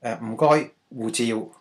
誒，唔該，護照。